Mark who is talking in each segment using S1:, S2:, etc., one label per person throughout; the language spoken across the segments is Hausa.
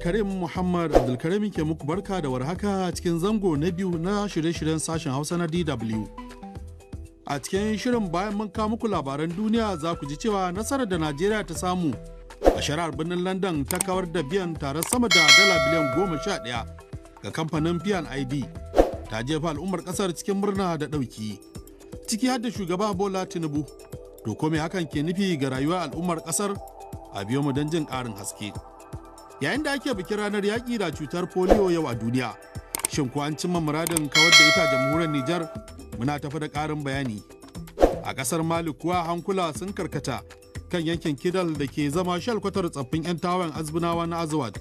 S1: Abdulkarim Muhammad Abdulkarim ke muku barka da warhaka cikin zango na biyu na shirye-shiryen sashen Hausa na DW. A cikin shirin bayan mun kawo muku labaran duniya za ku ji cewa nasarar da Najeriya ta samu a shari'ar birnin London ta kawar da biyan tare sama da dala biliyan goma sha ɗaya ga kamfanin biyan ID ta jefa al'ummar ƙasar cikin murna da ɗauki. Ciki har da shugaba Bola Tinubu. To kome hakan ke nufi ga rayuwar al'ummar ƙasar a biyo mu don jin ƙarin haske. yayin da ake bikin ranar yaƙi da cutar polio yau a duniya shin ko an cimma muradin kawar da ita jamhuriyar Nijar muna tafi da ƙarin bayani a ƙasar Mali kuwa hankula sun karkata kan yankin Kidal da ke zama shalkwatar tsaffin 'yan tawayen azbunawa na Azawad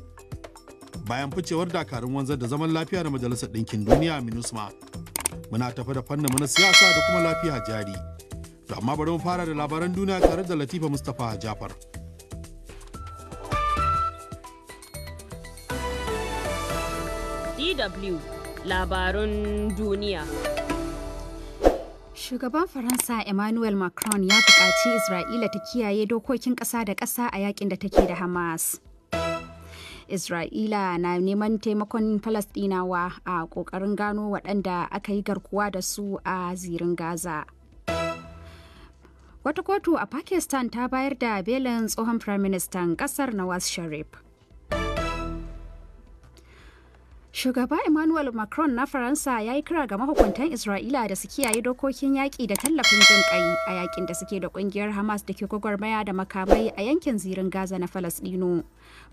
S1: bayan ficewar dakarun wanzar da zaman lafiya da majalisar ɗinkin duniya MINUSMA muna tafi da fannin na siyasa da kuma lafiya jari to amma bari mu fara da labaran duniya tare da Latifa Mustapha Jafar
S2: DW labarun duniya. Shugaban Faransa Emmanuel Macron ya buƙaci Isra'ila ta kiyaye dokokin ƙasa da ƙasa a yakin da take da Hamas. Isra'ila na neman taimakon Falasɗinawa a ƙoƙarin gano waɗanda aka yi garkuwa da su a zirin Gaza. Wata kotu a Pakistan ta bayar da belin tsohon Firaministan ƙasar Nawaz Sharif. Shugaba Emmanuel Macron na Faransa ya yi kira ga mahukuntan Isra'ila da su kiyaye dokokin yaƙi da tallafin jin ƙai a yaƙin da suke da ƙungiyar Hamas da ke gwagwarmaya da makamai a yankin zirin Gaza na Falasɗinu.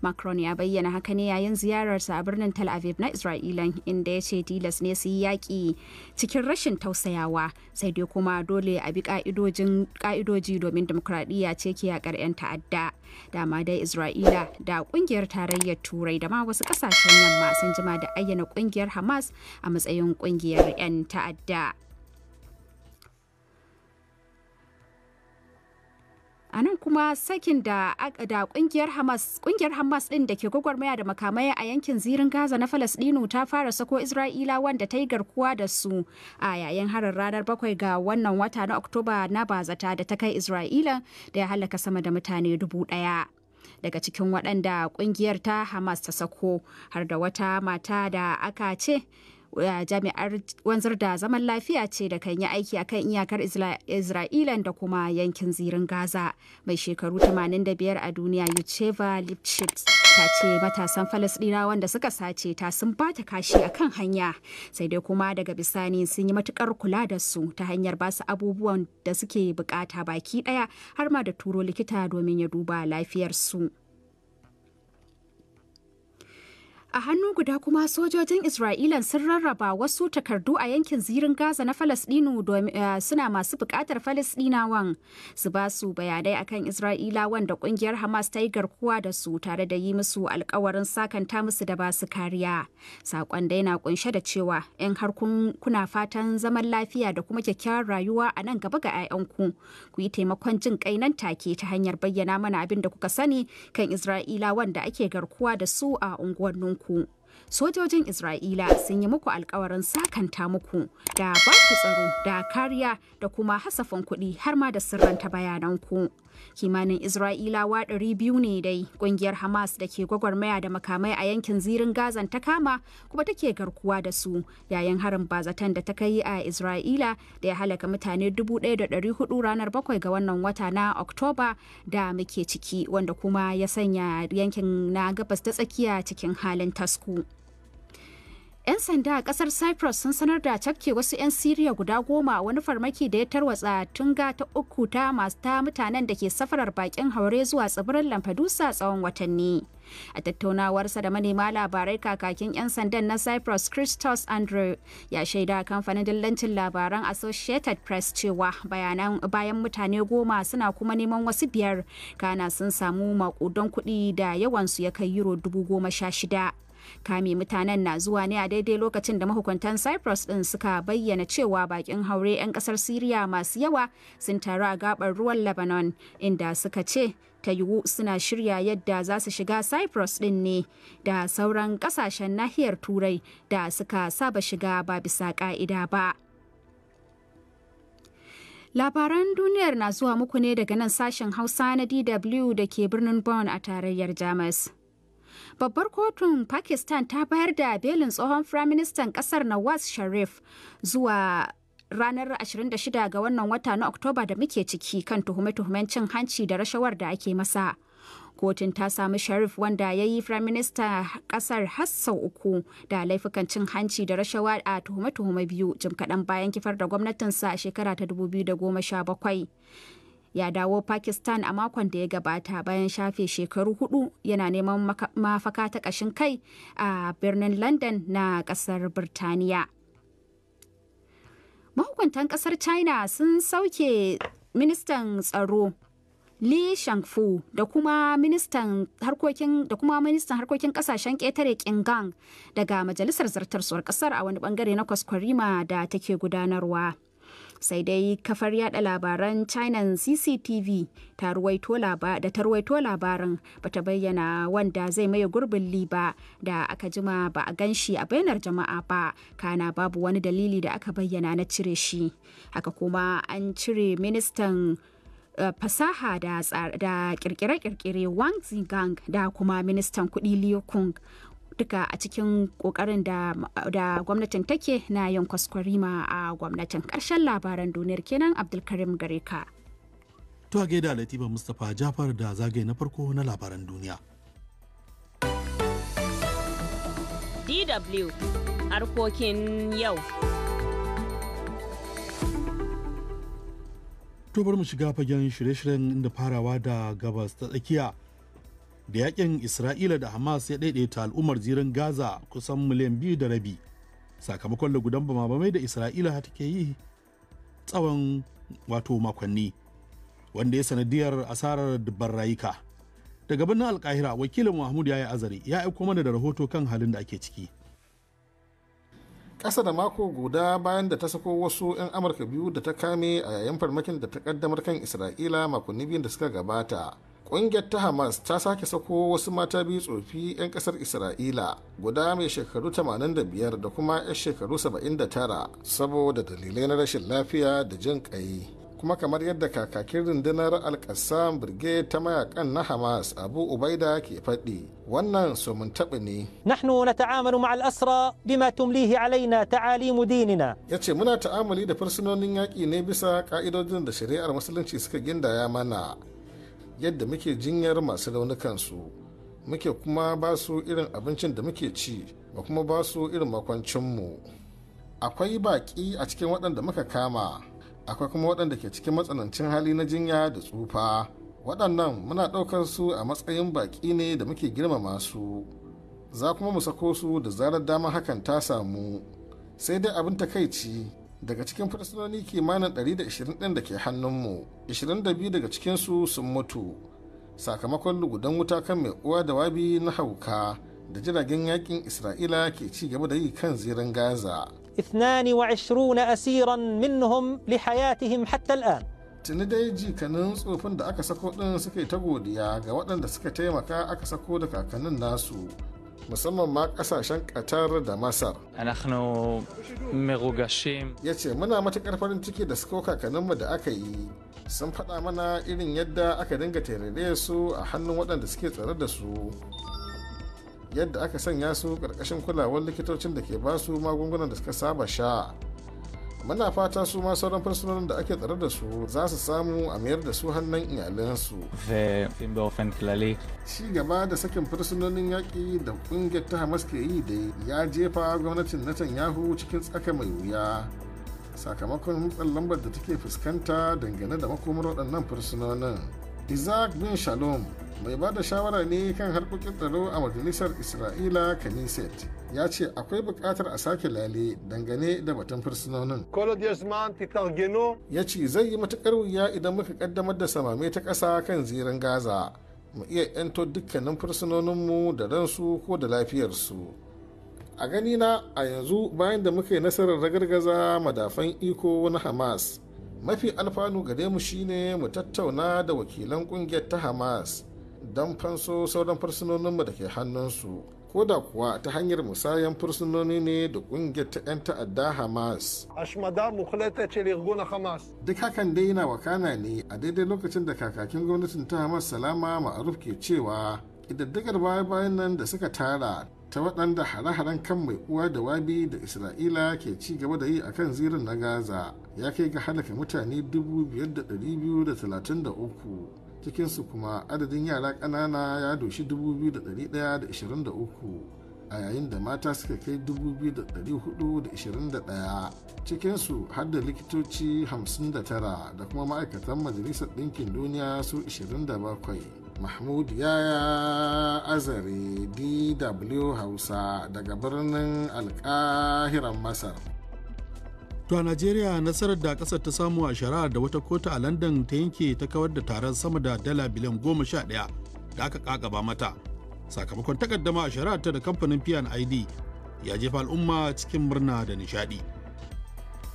S2: macron ya bayyana haka ne yayin ziyararsa a birnin tel aviv na isra'ila inda ya ce tilas ne su yi yaƙi cikin rashin tausayawa sai dai kuma dole a bi ka'idoji domin dimokuraɗiyya ce ke yaƙar 'yan ta'adda dama dai isra'ila da ƙungiyar tarayyar turai da ma wasu ƙasashen yamma sun jima da ayyana ƙungiyar hamas a matsayin ƙungiyar 'yan ta'adda a nan kuma sakin da kungiyar hamas kungiyar hamas din da ke gwagwarmaya da makamai a yankin zirin gaza na falasɗinu ta fara sako isra'ila wanda ta yi garkuwa da su a yayin harin ranar bakwai ga wannan wata na oktoba na bazata da ta kai isra'ila da ya halaka sama da mutane dubu daya daga cikin waɗanda kungiyar ta hamas ta sako har da wata mata da aka ce jami'ar wanzar da zaman lafiya ce da kan yi aiki akan iyakar isra'ila da kuma yankin zirin gaza mai shekaru 85 a duniya yucheva lipschitz ta ce matasan falasdina wanda suka sace ta sun ba ta kashi a kan hanya sai dai kuma daga bisani sun yi matukar kula da su ta hanyar ba su abubuwan da suke bukata baki daya har ma da turo likita domin ya duba lafiyar su A hannu guda kuma sojojin Isra'ilan sun rarraba wasu takardu a yankin zirin Gaza na Falasɗinu eh, suna masu buƙatar Falasɗinawan su ba su bayanai akan Isra'ilawan da ƙungiyar Hamas ta yi garkuwa da su tare da yi musu alkawarin sakanta musu da ba su kariya. sakon da yana kunshe da cewa ‘yan har kuna fatan zaman lafiya da kuma kyakkyawar rayuwa a nan gaba ga 'ya'yanku ku yi taimakon jin kai nan take ta hanyar bayyana mana abin da kuka sani kan Isra'ilawan da ake garkuwa da su a unguwannin ku. Sojojin Isra'ila sun yi muku alkawarin sakanta muku da ba ku tsaro da kariya da kuma hasafin kuɗi har ma da sirranta bayananku. kimanin isra'ilawa 200 ne dai kungiyar hamas da ke gwagwarmaya da makamai a yankin zirin gazan ta kama kuma take garkuwa da su yayin harin bazatan da ta kai a isra'ila da ya halaka mutane 1,400 ranar 7 ga wannan wata na oktoba da muke ciki wanda kuma ya sanya yankin na gabas ta tsakiya cikin halin tasku. 'Yan sanda a kasar Cyprus sun sanar da cakke wasu 'yan Siriya guda goma wani farmaki da ya tarwatsa tunga ta uku ta masu ta mutanen da ke safarar bakin haure zuwa tsibirin Lampedusa tsawon watanni. A tattaunawarsa da manema labarai kakakin 'yan sandan na Cyprus Christos Andrew ya shaida kamfanin dillancin labaran Associated Press cewa bayanan bayan mutane goma suna kuma neman wasu biyar kana sun samu makudan kuɗi da yawansu ya kai euro dubu goma sha shida. kame mutanen na zuwa ne a daidai lokacin da mahukuntan cyprus din suka bayyana cewa bakin haure 'yan kasar syria masu yawa sun taru a gabar ruwan lebanon inda suka ce ta yiwu suna shirya yadda za su shiga cyprus din ne da sauran kasashen nahiyar turai da suka saba shiga ba bisa ka'ida ba Labaran duniyar na zuwa muku ne daga nan sashen Hausa na DW da ke birnin Bonn a tarayyar Jamus. babbar kotun pakistan ta bayar da belin tsohon firaministan kasar nawaz sharif zuwa ranar 26 ga wannan wata na oktoba da muke ciki kan tuhume-tuhumen cin hanci da rashawar da ake masa kotun ta sami sharif wanda ya yi firaminista kasar hassau uku da laifukan cin hanci da rashawa a tuhume-tuhume biyu jim kaɗan bayan kifar da gwamnatinsa a shekara ta 2017 ya dawo Pakistan a makon da ya gabata bayan shafe shekaru hudu yana neman mafaka ta ƙashin kai a birnin London na kasar Birtaniya. Mahukuntan kasar China sun sauke ministan tsaro Li Shangfu da kuma ministan harkokin ketare kasashen ƙetare Qingang daga majalisar zartarsuwar kasar a wani bangare na kwaskwarima da take gudanarwa. sai dai kafar yada labaran china cctv da ta ruwaito labarin bata bayyana wanda zai maye gurbin liba da aka jima ba a gan shi a bainar jama'a ba kana babu wani dalili da aka bayyana na cire shi haka kuma an cire ministan eh, fasaha da kirkire-kirkire Wang zingang da kuma ministan kudi Liu Kung duka a cikin kokarin da, gwamnatin take na yin kwaskwarima a gwamnatin karshen labaran duniyar kenan abdulkarim gare ka
S1: to a gaida latifa mustapha jafar da zagaye na farko na labaran duniya
S3: dw harkokin yau
S1: to mu shiga fagen shirye-shiryen inda farawa da gabas ta tsakiya da yakin isra'ila da hamas ya daidaita al'ummar jiran gaza kusan miliyan biyu da rabi sakamakon lagudan bamabamai da isra'ila ke yi tsawon wato makonni wanda ya sanadiyar asarar dubban rayuka daga birnin alkahira wakilin mahmud ya yi azari ya aiko mana da rahoto kan halin da ake ciki
S4: ƙasa da mako guda bayan da ta sako wasu 'yan amurka biyu da ta kame a yayin farmakin da ta kaddamar kan isra'ila makonni biyun da suka gabata ƙungiyar ta hamas ta sake sako wasu mata biyu tsofi 'yan kasar isra'ila guda mai shekaru 85 da kuma 'yan shekaru 79 saboda dalilai na rashin lafiya da jin ƙai kuma kamar yadda kakakin rundunar alkassam birge ta mayakan na hamas abu ubaida ke faɗi wannan mun taɓa ne nahnu na ta'amalu ma'al asra bima tumlihi alaina ta'alimu dinina ya ce muna ta'amali da fursunonin yaƙi ne bisa ƙa'idodin da shari'ar musulunci suka gindaya mana yadda muke jinyar masu raunukansu muke kuma ba su irin abincin da muke ci ba kuma ba su irin makwancinmu akwai baƙi a cikin waɗanda muka kama akwai kuma waɗanda ke cikin matsanancin hali na jinya da tsufa waɗannan muna ɗaukar su a matsayin baƙi ne da muke girmama su za kuma mu sako su da zarar dama hakan ta samu sai dai abin takaici daga cikin fursunoni kimanin 120 ɗin da ke hannunmu 22 daga cikinsu sun mutu sakamakon lugudan wuta kan mai uwa da wabi na hauka da jiragen yakin isra'ila ke ci gaba da yi kan zirin gaza 22 asiran minhum li hayatihim hatta al'an tuni dai jikanin tsofin da aka sako ɗin suka yi ta godiya ga waɗanda suka taimaka aka sako da kakannin nasu musamman ma kasashen qatar da masar ya ce muna matukar farin ciki da suka kakanninmu da aka yi sun faɗa mana irin yadda aka dinga terere su a hannun waɗanda suke tsare da su yadda aka sanya su ƙarƙashin kulawar likitocin da ke ba su magungunan da suka saba sha muna fata su ma sauran fursunonin da ake tsare da su za su samu a mayar da su hannun iyalansu Shi gaba da sakin fursunonin yaƙi da ƙungiyar ta hamas ke yi da ya jefa gwamnatin netanyahu cikin tsaka mai wuya sakamakon matsalar lambar da take fuskanta dangane da makomar waɗannan fursunonin isaac bin shalom mai ba da shawara ne kan harkokin tsaro a majalisar isra'ila kaniset ya ce akwai bukatar a sake lale dangane da batun fursunonin ya ce zai yi matuƙar wuya idan muka ƙaddamar da samame ta ƙasa kan zirin gaza mu iya 'yanto dukkanin fursunoninmu da ransu ko da lafiyarsu a ganina a yanzu bayan da muka yi nasarar ragargaza madafan iko na hamas mafi alfanu gare mu shine mu tattauna da wakilan kungiyar ta hamas don fanso sauran fursunoninmu da ke hannunsu ko da kuwa ta hanyar musayan fursunoni ne da kungiyar ta 'yan ta'adda hamas duk hakan dai yana wakana ne a daidai lokacin da kakakin gwamnatin ta hamas salama ma'aruf ke cewa idaddagar baya-bayan nan da suka tara ta waɗanda hare-haren kan mai uwa da wabi da isra'ila ke ci gaba da yi a kan zirin na gaza ya kai ga halaka mutane 5,233 cikinsu kuma adadin yara ƙanana ya doshi 2,123 a yayin da mata suka kai 2,421 cikinsu har da likitoci 59 da kuma ma'aikatan majalisar ɗinkin duniya su 27 mahmud ya azare dw hausa daga birnin alkahiran masar
S1: to a najeriya nasarar da kasar ta samu a shari'ar da wata kotu a london ta yanke ta kawar da taron sama da dala biliyan goma sha ɗaya da aka kakaba mata sakamakon takaddama a shari'ar ta da kamfanin id ya jefa al'umma cikin murna da nishadi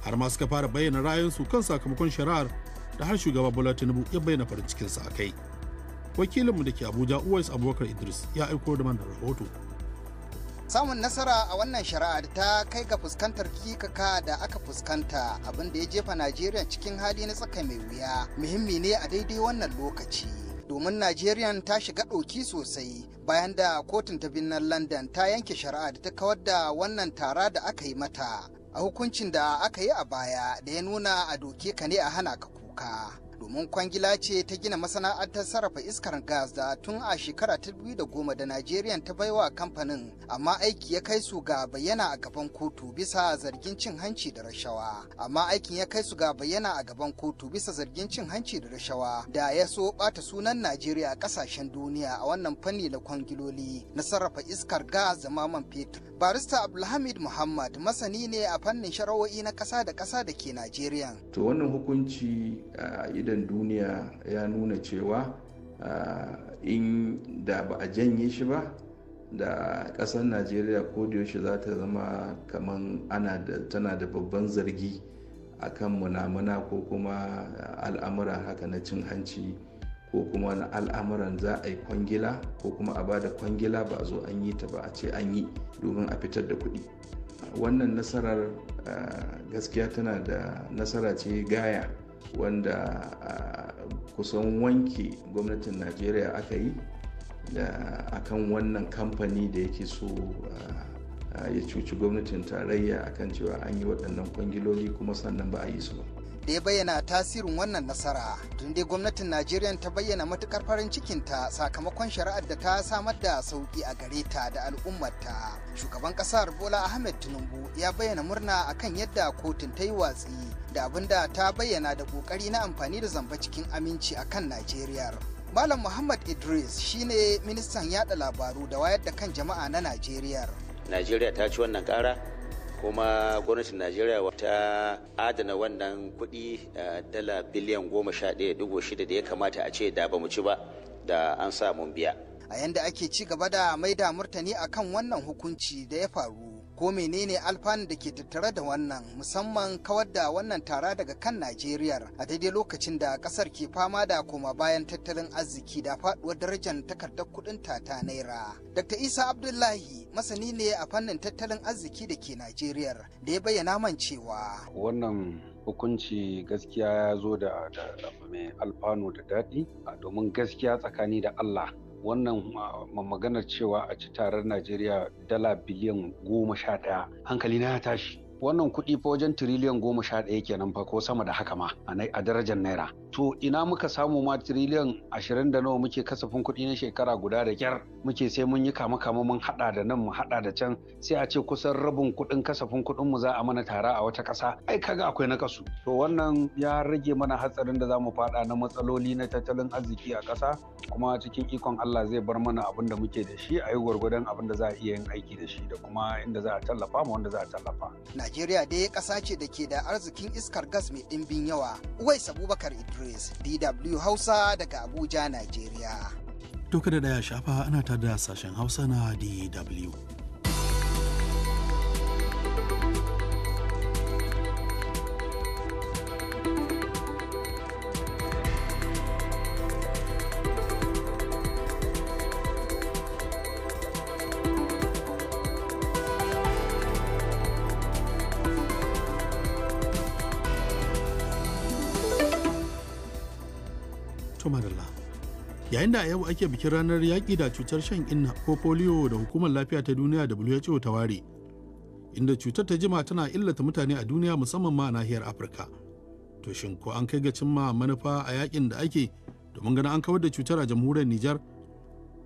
S1: har ma suka fara bayyana ra'ayinsu kan sakamakon shari'ar da har shugaba bola tinubu ya bayyana farin cikinsa a kai wakilinmu da ke abuja uwais abubakar idris ya aiko da mana rahoto
S3: samun nasara a wannan shari'a ta kai ga fuskantar kikaka da aka fuskanta abin da ya jefa najeriya cikin hali na tsaka mai wuya muhimmi ne a daidai wannan lokaci domin najeriya ta shiga ɗoki sosai bayan da kotun ta birnin london ta yanke shari'a da ta kawar da wannan tara da aka yi mata a hukuncin da aka yi a baya da ya nuna a doke ka ne a hana ka kuka domin kwangila ce ta gina masana'antar sarrafa iskar gas da tun a shekara ta biyu da goma da Najeriya ta baiwa kamfanin amma aiki ya kai su ga bayyana a gaban kotu bisa zargin cin hanci da rashawa amma aikin ya kai su ga bayyana a gaban kotu bisa zargin cin hanci da rashawa da ya so bata sunan Najeriya a kasashen duniya a wannan fanni na kwangiloli na sarrafa iskar gas da maman fetur barista abdulhamid muhammad masani ne a fannin shari'o'i na ƙasa da ƙasa da ke najeriya to wannan hukunci a idan duniya ya nuna cewa in da ba a janye shi ba da ƙasar najeriya ko da yaushe za ta zama kamar ana tana da babban zargi a kan munamuna ko kuma al'amura haka na cin hanci ko kuma na al'amuran za a yi kwangila ko kuma a ba da kwangila ba a zo an yi ta ba a ce an yi domin a fitar da kuɗi wannan nasarar gaskiya tana da nasara ce gaya wanda kusan wanke gwamnatin najeriya aka yi da akan wannan kamfani da yake so ya cuci gwamnatin tarayya akan cewa an yi waɗannan kwangiloli kuma sannan ba a yi su ba da ya bayyana tasirin wannan nasara tun dai gwamnatin najeriya ta bayyana matukar farin cikinta sakamakon shari'ar da ta samar da sauki a gare ta da al'ummarta shugaban kasar bola ahmed tinubu ya bayyana murna akan yadda kotun ta yi watsi da abin da ta bayyana da kokari na amfani da zamba cikin aminci akan najeriya malam muhammad idris shine ministan yada labaru da wayar da kan jama'a na najeriya
S5: najeriya ta ci wannan kara kuma gwamnatin najeriya ta adana wannan kuɗi eh, dala biliyan goma sha ɗaya digo shida da ya kamata a ce da bamu ci ba da an sa mun biya
S3: a yanda ake ci gaba da maida murtani akan wannan hukunci da ya faru ko menene alfanu da ke tattare da wannan musamman kawar da wannan tara daga kan najeriya a daidai lokacin da kasar ke fama da koma bayan tattalin arziki da faduwar darajar takardar kudin ta ta naira dr isa abdullahi masani ne a fannin tattalin arziki da ke najeriya da ya bayyana man cewa wannan hukunci gaskiya ya zo da mai alfano da daɗi domin gaskiya tsakani da Allah wannan ah, maganar cewa a ci tarar najeriya dala biliyan goma sha ɗaya hankali na ya tashi wannan kuɗi fa wajen tiriliyan goma sha ɗaya kenan fa ko sama da haka ma a darajar naira to ina muka samu ma tiriliyan ashirin da nawa muke kasafin kuɗi na shekara guda da kyar muke sai mun yi kama kama mun hada da nan mu hada da can sai a ce kusan rabin kuɗin kasafin kuɗin mu za a mana tara a wata kasa ai kaga akwai na kasu to wannan ya rage mana hatsarin da za mu faɗa na matsaloli na tattalin arziki a kasa kuma cikin ikon Allah zai bar mana abin da muke da shi a yi gwargwadon abin da za a iya yin aiki da shi da kuma inda za a tallafa ma wanda za a tallafa. Najeriya dai ƙasa ce da ke da arzikin iskar gas mai ɗimbin yawa. Uwais Abubakar Idris Idris, DW Hausa daga Abuja, Najeriya.
S1: duka da daya shafa ana tada sashen Hausa na DW. yayin da a yau ake bikin ranar yaƙi da cutar shan inna ko polio da hukumar lafiya ta duniya who ta ware inda cutar ta jima tana illata mutane a duniya musamman ma a nahiyar afirka to shin ko an kai ga cimma manufa a yakin da ake domin ganin an kawar da cutar a jamhuriyar nijar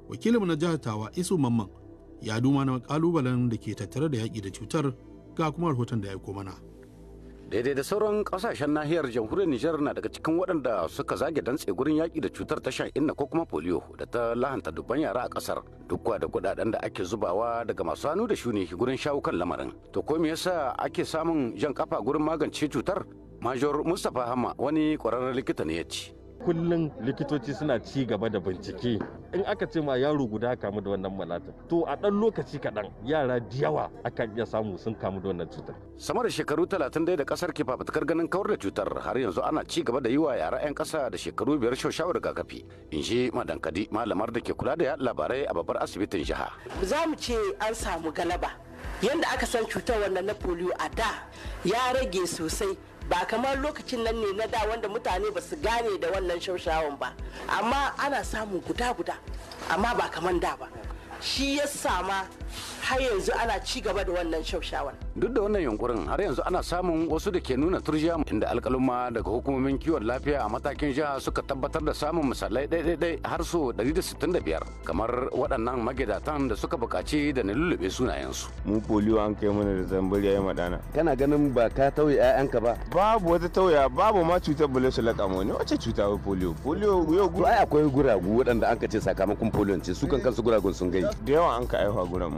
S1: wakilin na jihar tawa isu mamman ya duma na kalubalen da ke tattare da yaƙi da cutar ga kuma rahoton da
S6: ya aiko mana. daidai da sauran kasashen nahiyar jamhuriyar nijar na daga cikin waɗanda suka zage dantse gurin yaƙi da cutar tashan inna ko kuma polio da ta lahanta dubban yara a ƙasar Dukwa da kuɗaɗen da ake zubawa daga masu hannu da shuni gurin shawo kan lamarin to ko me yasa ake samun jan kafa gurin magance cutar major mustapha hama wani ƙwararren likita ne ya ce
S5: kullum likitoci suna ci gaba da bincike in aka ce ma yaro guda kamu da wannan malata to a ɗan lokaci kaɗan yara da yawa aka iya samu sun kamu da wannan cutar
S6: sama da shekaru talatin dai da kasar ke fafatakar ganin kawar da cutar har yanzu ana ci gaba da yi wa yara 'yan ƙasa da shekaru biyar shawarar rigakafi in ji madankadi malamar da ke kula da labarai a babbar asibitin jiha
S3: za mu ce an samu galaba yadda aka san cutar wannan na polio a da ya rage sosai ba kamar lokacin nan ne na da wanda mutane ba su gane da wannan shaushawan ba amma ana samun guda-guda amma ba kamar da ba shi ya sama har yanzu ana ci gaba da wannan shaushawan.
S6: Duk da wannan yunkurin har yanzu ana samun wasu da ke nuna turjiya inda alkaluma daga hukumomin kiwon lafiya a matakin jiha suka tabbatar da samun misalai ɗaiɗaiɗai har so 165 kamar waɗannan magidatan da suka buƙaci da na lullube sunayensu.
S5: Mu polio an kai mana da zambari ya madana. Kana ganin ba ka tauye 'ya'yanka ba? Babu wata tauya babu ma cutar bule su laƙa mu ne wace cuta
S6: wa polio. Polio yau gura. akwai guragu waɗanda an ka ce sakamakon polio ce su kan kansu guragun sun gai. Da yawa an ka aihuwa guran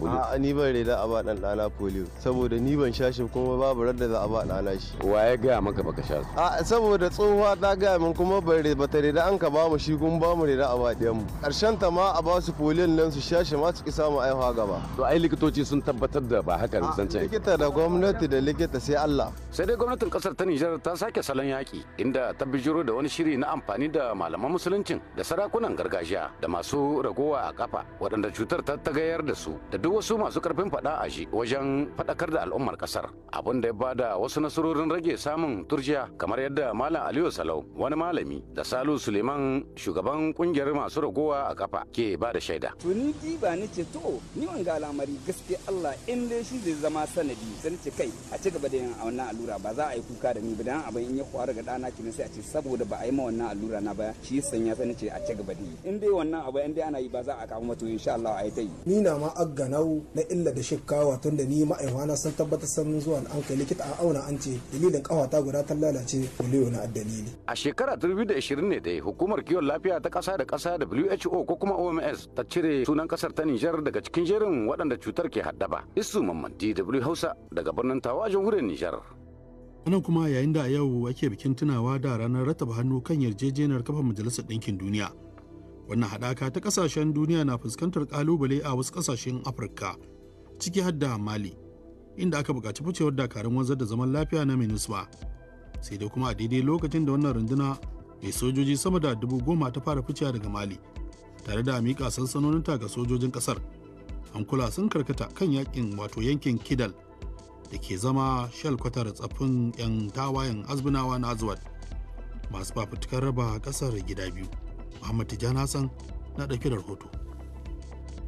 S6: a ni ban reda a ba dan ɗana polio saboda ni ban shashi kuma babu radda za a ba ɗana shi wa ya gaya maka baka sha su a saboda tsohuwa ta gaya min kuma ban reda bata reda an ka ba mu shi kun ba mu reda a ba ɗiyan mu karshen ta ma a ba su polio nan su shashi ma su ki samu aihuwa gaba to ai likitoci sun tabbatar da ba haka zancen likita da gwamnati da likita sai Allah sai dai gwamnatin kasar ta Nijar ta sake salon yaƙi inda ta bijiro da wani shiri na amfani da malaman musuluncin da sarakunan gargajiya da masu ragowa a kafa waɗanda cutar ta tagayar da su da duk wasu masu karfin fada a shi wajen fadakar da al'ummar kasar abin da ya bada wasu nasarorin rage samun turjiya kamar yadda malam aliyu salau wani malami da salu suleiman shugaban kungiyar masu ragowa a kafa ke ba da shaida tuni
S3: ba ni ce to ni ga al'amari gaske allah in dai shi zai zama sanadi sai ce kai a ci gaba da yin wannan allura ba za a yi kuka da ni ba dan abin in ya faru ga ɗana kenan sai a ce saboda ba a yi ma wannan allura na ba shi sanya sai ce a ci gaba da yi in dai wannan abu in dai ana yi ba za a kawo mata insha allah a yi ta yi ni na ma ma agganau na illa da shikkawa wato da ni ma'aihwana sun tabbatar sun zuwa an kai likita a auna an ce dalilin kawata guda ta lalace miliyo na addalili.
S6: A shekara 2020 ne dai hukumar kiwon lafiya ta kasa da kasa WHO ko kuma OMS ta cire sunan kasar ta Nijar daga cikin jerin waɗanda cutar ke haddaba. Isu Mamman DW Hausa daga birnin Tawa Hurin Nijar.
S1: Anan kuma yayin da yau ake bikin tunawa da ranar rataba hannu kan yarjejeniyar kafa majalisar ɗinkin duniya. wannan haɗaka ta ƙasashen duniya na fuskantar ƙalubale a wasu ƙasashen afirka ciki har mali inda aka buƙaci ficewar dakarun wanzar da zaman lafiya na minisma sai dai kuma a daidai lokacin da wannan runduna mai sojoji sama da dubu goma ta fara ficewa daga mali tare da miƙa sansanoninta ga sojojin ƙasar hankula sun karkata kan yakin wato yankin kidal da ke zama kwatar tsaffin 'yan tawayen azbinawa na azwad masu fafutukar raba ƙasar gida biyu Muhammad Tijjani Hassan na ɗauki da rahoto.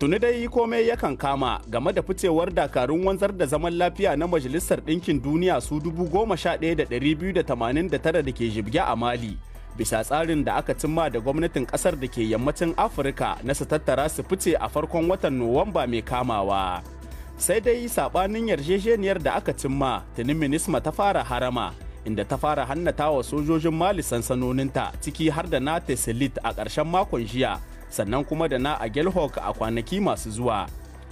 S5: Tuni dai komai yakan kama game da ficewar dakarun wanzar da zaman lafiya na Majalisar Ɗinkin Duniya su dubu goma sha tara da ke jibge a Mali. Bisa tsarin da aka cimma da gwamnatin ƙasar da ke yammacin Afirka na su tattara su fice a farkon watan Nuwamba mai kamawa. Sai dai saɓanin yarjejeniyar da aka cimma, tuni Minisma ta fara harama. inda ta fara hannata wa sojojin mali sansanoninta ciki har da na teselit a ƙarshen makon jiya sannan kuma da na a agelhawk a kwanaki masu zuwa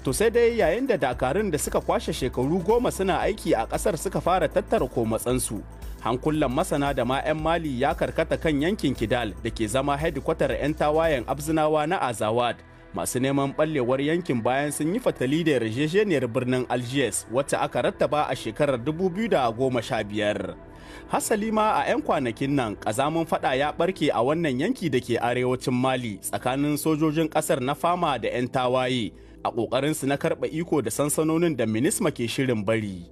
S5: to sai dai yayin da dakarun da suka kwashe shekaru goma suna aiki a ƙasar suka fara tattara komatsansu hankulan masana da ma 'yan mali ya karkata kan yankin kidal da ke zama hedikwatar 'yan tawayen abzinawa na azawad masu neman ɓallewar yankin bayan sun yi fatali da yarjejeniyar birnin algiers wacce aka rattaba a shekarar 2015 hasali ma a 'yan kwanakin nan ƙazamin fada ya barke a wannan yanki da ke arewacin mali tsakanin sojojin kasar na fama da 'yan tawaye a ƙoƙarinsu na karɓa iko da sansanonin da minisma ke shirin bari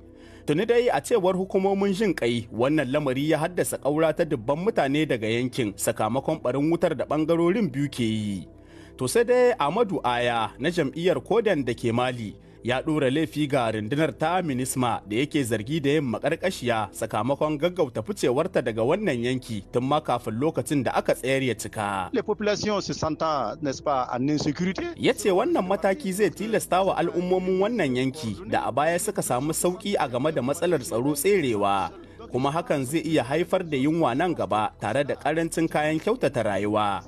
S5: tuni dai a cewar hukumomin jin kai wannan lamari ya haddasa ƙaura ta dubban mutane daga yankin sakamakon barin wutar da bangarorin biyu ke yi to sai dai amadu aya na jam'iyyar kodan da ke mali ya ɗora laifi ga rundunar ta minisma da yake zargi da yin makarkashiya sakamakon gaggauta ficewarta daga wannan yanki tun ma kafin lokacin da aka tsayar ya cika. Ya ce wannan mataki zai tilasta wa al'ummomin wannan yanki da a baya suka samu sauƙi a game da matsalar tsaro tserewa. kuma hakan zai iya haifar da yunwa nan gaba tare da karancin kayan kyautata rayuwa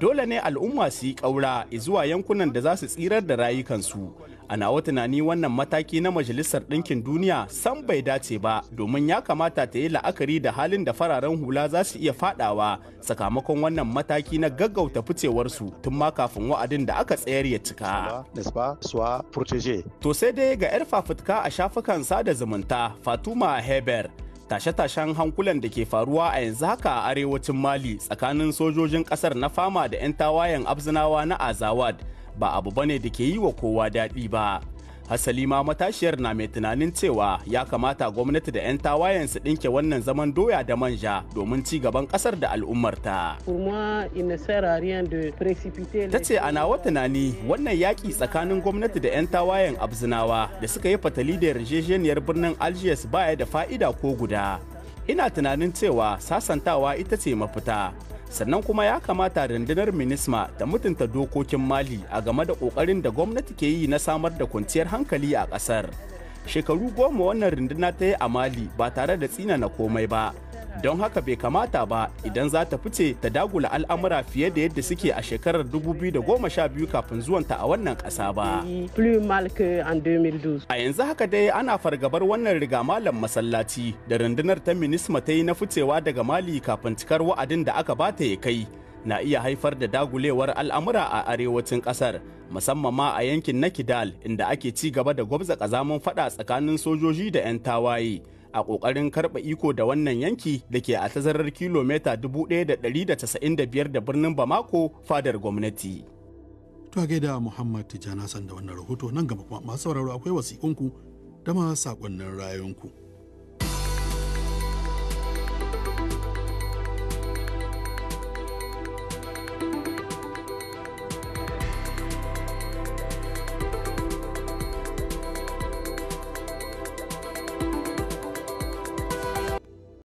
S5: dole ne al'umma su yi ƙaura zuwa yankunan da za su tsirar da rayukansu a nawa tunani wannan mataki na majalisar ɗinkin duniya san bai dace ba domin ya kamata ta yi la'akari da halin da fararen hula za su iya fadawa sakamakon wannan mataki na gaggauta ficewarsu tun ma kafin wa'adin da aka tsayar ya cika. To sai dai ga 'yar fafutuka a shafukan sada zumunta Fatuma Heber tashe-tashen hankulan da ke faruwa a yanzu haka a arewacin mali tsakanin sojojin kasar na fama da 'yan tawayen abzinawa na azawad ba abu bane da ke yi wa kowa daɗi ba hasali ma matashiyar na mai tunanin cewa ya kamata gwamnati da 'yan tawayen su ɗinke wannan zaman doya da manja domin ci gaban ƙasar da al'ummarta. Ta ce a nawa tunani wannan yaƙi tsakanin gwamnati da 'yan tawayen abzinawa da suka yi fatali da yarjejeniyar birnin Algiers baya da fa'ida ko guda. Ina tunanin cewa sasantawa ita ce mafita. sannan kuma ya kamata rundunar minisma ta mutunta dokokin mali a game da kokarin da gwamnati ke yi na samar da kwanciyar hankali a kasar shekaru goma wannan runduna ta yi a mali ba tare da tsina na komai ba don haka bai kamata ba idan za ta fice ta dagula al'amura fiye da yadda suke a shekarar 2012 kafin zuwanta a wannan ƙasa ba. A yanzu haka dai ana fargabar wannan riga malam masallaci da rundunar ta minisma ta yi na ficewa daga Mali kafin cikar wa'adin da aka bata ya kai na iya haifar da dagulewar al'amura a arewacin ƙasar musamman ma a yankin na Kidal inda ake ci gaba da gwabza ƙazaman fada tsakanin sojoji da 'yan tawaye. a ƙoƙarin karɓa iko da wannan yanki da ke a tazarar kilomita 1,195 da birnin Bamako fadar gwamnati.
S1: To a gaida Muhammad Tijjana da wannan rahoto nan gaba kuma masu sauraro akwai wasiƙunku da ma saƙonnin ku.